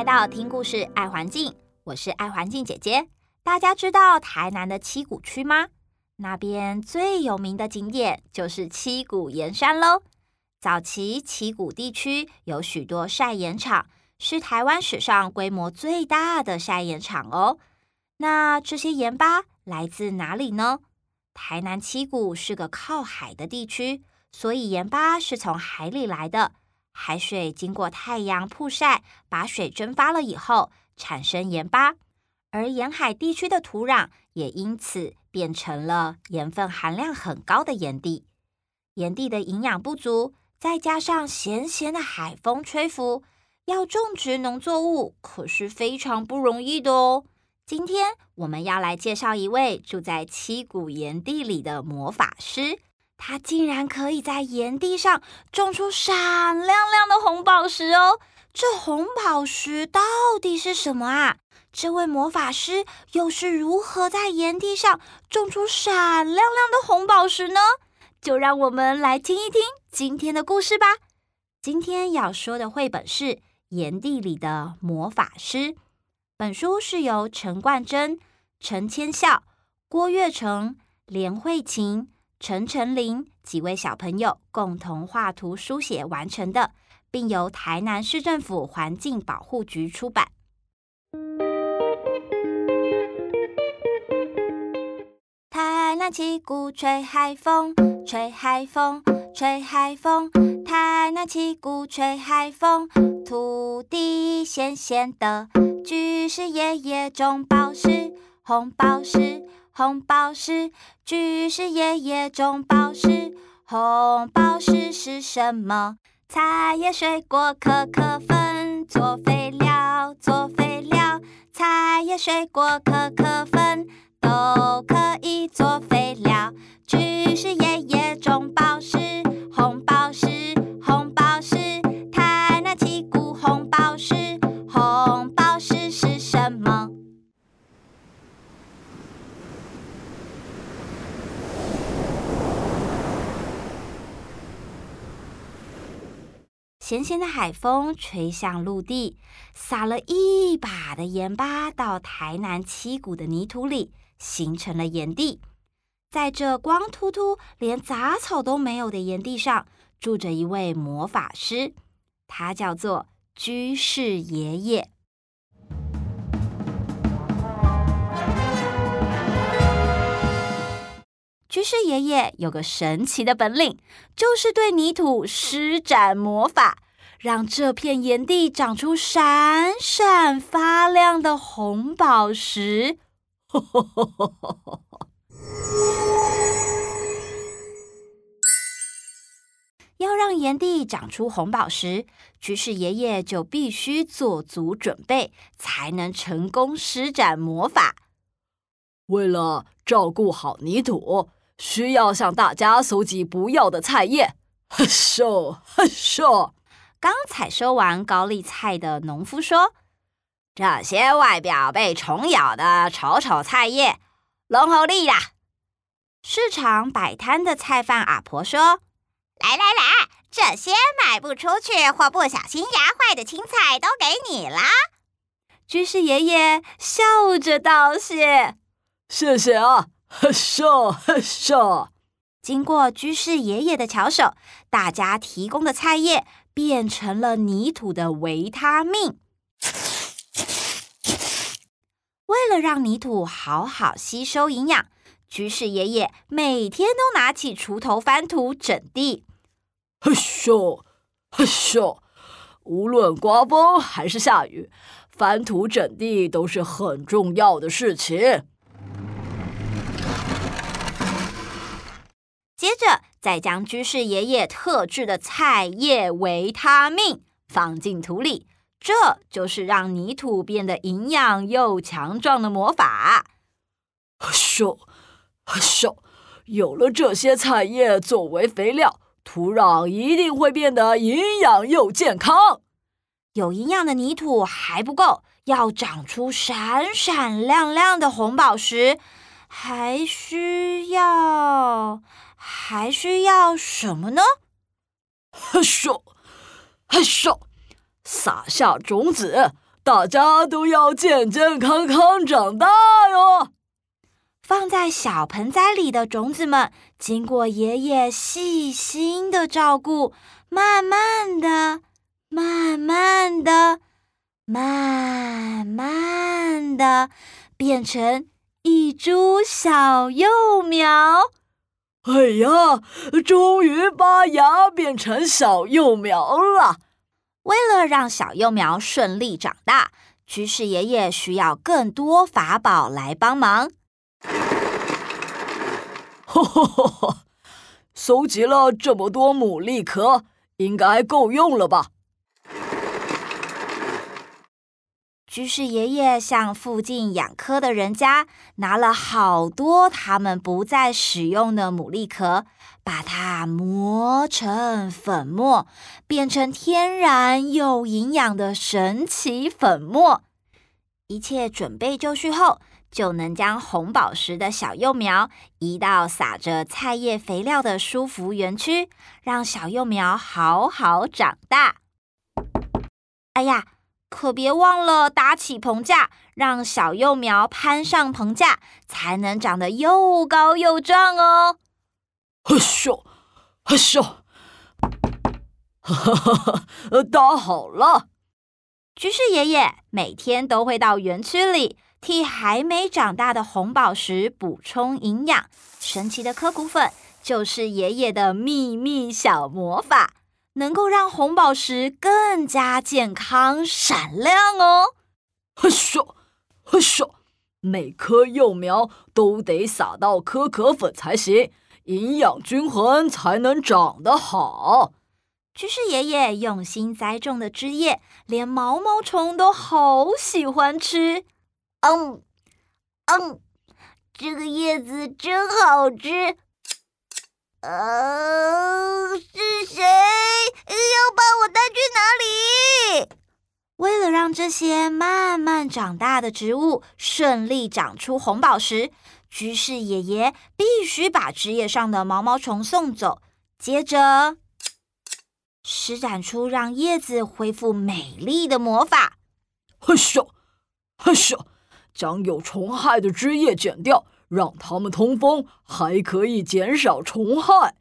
來到聽故事愛環境，我是愛環境姐姐。大家知道台南的七股區嗎？那邊最有名的景點就是七股鹽山嘍。早期七股地區有許多曬鹽場，是台灣史上規模最大的曬鹽場哦。那這些鹽巴來自哪裡呢？台南七股是個靠海的地區，所以鹽巴是從海裡來的。海水經過太陽曝曬，把水蒸發了以後，產生鹽巴，而沿海地區的土壤也因此變成了鹽分含量很高的鹽地。鹽地的營養不足，再加上鹹鹹的海風吹拂，要種植農作物可是非常不容易的哦。今天我們要來介紹一位住在七股鹽地裡的魔法師。他竟然可以在鹽地上種出閃亮亮的紅寶石哦！這紅寶石到底是什麼啊？這位魔法師又是如何在鹽地上種出閃亮亮的紅寶石呢？就讓我們來聽一聽今天的故事吧。今天要說的繪本是《鹽地裡的魔法師》。本書是由陳冠臻、陳芊孝、郭玥澄、連卉晴。陳晨琳，幾位小朋友共同畫圖書寫完成的，並由台南市政府環境保護局出版。台南七股吹海風，吹海風，吹海風。台南七股吹海風，土地鹹鹹的，巨石爺爺種寶石，紅寶石。紅寶石、橘是爺爺種寶石，紅寶石是，是什麼？菜葉、水果、可可粉做肥料，做肥料。菜葉、水果、可可粉都可以做肥料，橘是爺爺種寶石。鹹鹹的海風吹向陸地，撒了一把的鹽巴到台南七股的泥土裡，形成了鹽地。在這光禿禿、連雜草都沒有的鹽地上，住着一位魔法師，他叫做居士爺爺。居士爺爺有個神奇的本領，就是對泥土施展魔法，讓這片鹽地長出閃閃發亮的紅寶石。 要讓鹽地長出紅寶石，居士爺爺就必須做足準備，才能成功施展魔法。為了照顧好泥土，需要向大家蒐集不要的菜葉，嘿咻嘿咻。剛採收完高麗菜的農夫說：“這些外表被蟲咬的醜醜菜葉，攏好利啊。”市場擺攤的菜販阿婆說：“來來來，這些賣不出去或不小心壓壞的青菜都給你了。”居士爺爺笑着道謝：“謝謝啊。”嘿咻嘿咻！經過居士爺爺的巧手，大家提供的菜葉變成了泥土的維他命。為了讓泥土好好吸收營養，居士爺爺每天都拿起鋤頭翻土整地。嘿咻嘿咻！無論颳風還是下雨，翻土整地都是很重要的事情。接着，再將居士爺爺特制的菜葉維他命放進土裡，這就是讓泥土變得營養又強壯的魔法。咻，咻，有了這些菜葉作為肥料，土壤一定會變得營養又健康。有營養的泥土還不夠，要長出閃閃亮亮的紅寶石，還需要。還需要什麼呢？嘿咻，嘿咻！撒下種子，大家都要健健康康長大喲。放在小盆栽裡的種子們，經過爺爺細心的照顧，慢慢的，慢慢的，慢慢的，變成一株小幼苗。哎呀，終於把芽變成小幼苗了。為了讓小幼苗順利長大，橘士爺爺需要更多法寶來幫忙。哈哈哈！蒐集了這麼多牡蠣殼，應該夠用了吧？居士爺爺向附近養蚵的人家拿了好多他們不再使用的牡蠣殼，把它磨成粉末，變成天然又營養的神奇粉末。一切準備就緒後，就能將紅寶石的小幼苗移到撒着菜葉肥料的舒服園區，讓小幼苗好好長大。哎呀！可別忘了搭起棚架，讓小幼苗攀上棚架，才能長得又高又壯哦。嘿咻，嘿咻，哈哈哈！呃，搭好了。居士爺爺每天都會到園區裡替還沒長大的紅寶石補充營養，神奇的科骨粉就是爺爺的祕密小魔法。能夠讓紅寶石更加健康閃亮哦！嘿咻，嘿咻，每棵幼苗都得撒到可可粉才行，營養均衡才能長得好。這是爺爺用心栽種的枝葉，連毛毛蟲都好喜歡吃。嗯嗯，這個葉子真好吃。呃，是誰要把我帶去哪裡？為了讓這些慢慢長大的植物順利長出紅寶石，居士爺爺必須把枝葉上的毛毛蟲送走，接着 施展出讓葉子恢復美麗的魔法。嘿咻嘿咻，將有蟲害的枝葉剪掉。讓他們通風，還可以減少蟲害。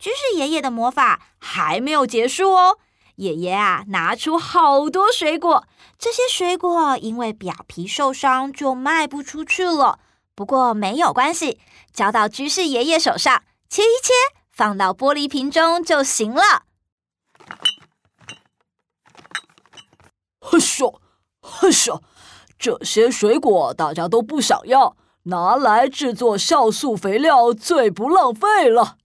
居士爺爺的魔法還沒有結束哦，爺爺啊，拿出好多水果，這些水果因為表皮受傷就賣不出去了。不過沒有關係，交到居士爺爺手上，切一切，放到玻璃瓶中就行了。嘿咻，嘿咻，這些水果大家都不想要，拿來製作酵素肥料，最不浪費了。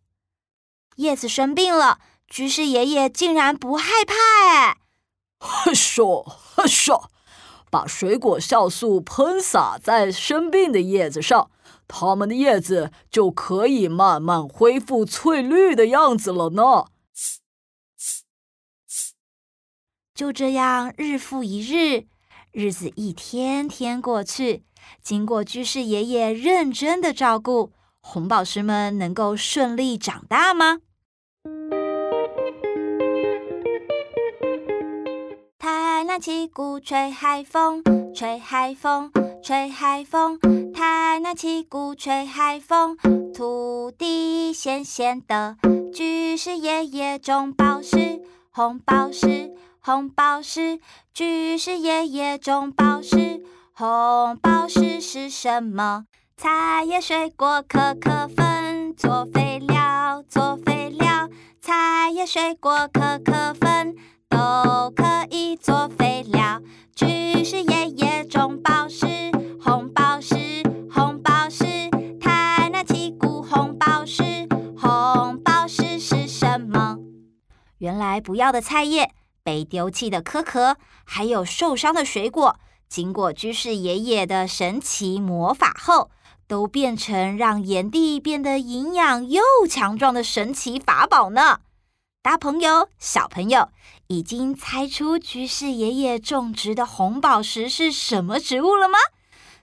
葉子生病了，居士爺爺竟然不害怕。哎，哎，說，嘿咻嘿咻，把水果酵素噴灑在生病的葉子上，它們的葉子就可以慢慢恢復翠綠的樣子了呢。 就這樣，日復一日，日子一天天過去。經過居士爺爺認真的照顧，紅寶石們能夠順利長大嗎？抬南旗鼓吹海風，吹海風，吹海風。抬南旗鼓吹海風，土地鹹鹹的。居士爺爺種寶石，寶石，紅寶石，紅寶石。居士爺爺種寶石。紅寶石是，是什麼？菜葉、水果可可粉做肥料，做肥料。菜葉、水果可可粉都可以做肥料。只是爺爺種寶石，紅寶石，紅寶石，臺南七股紅寶石，紅寶石是，是什麼？原來不要的菜葉、被丟棄的殼殼，還有受傷的水果。經過居士爺爺的神奇魔法後，都變成讓鹽地變得營養又強壯的神奇法寶呢。大朋友、小朋友，已經猜出居士爺爺種植的紅寶石是什麼植物了嗎？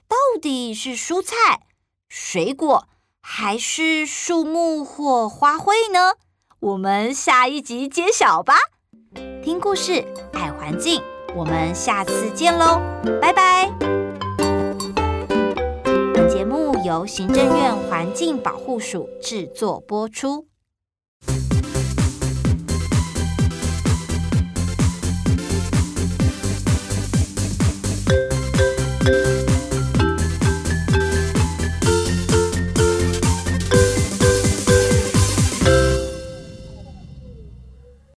到底是蔬菜、水果，還是樹木或花卉呢？我們下一集揭曉吧。聽故事，愛環境。我們下次見嘍，拜拜。本節目由行政院環境保護署制作播出。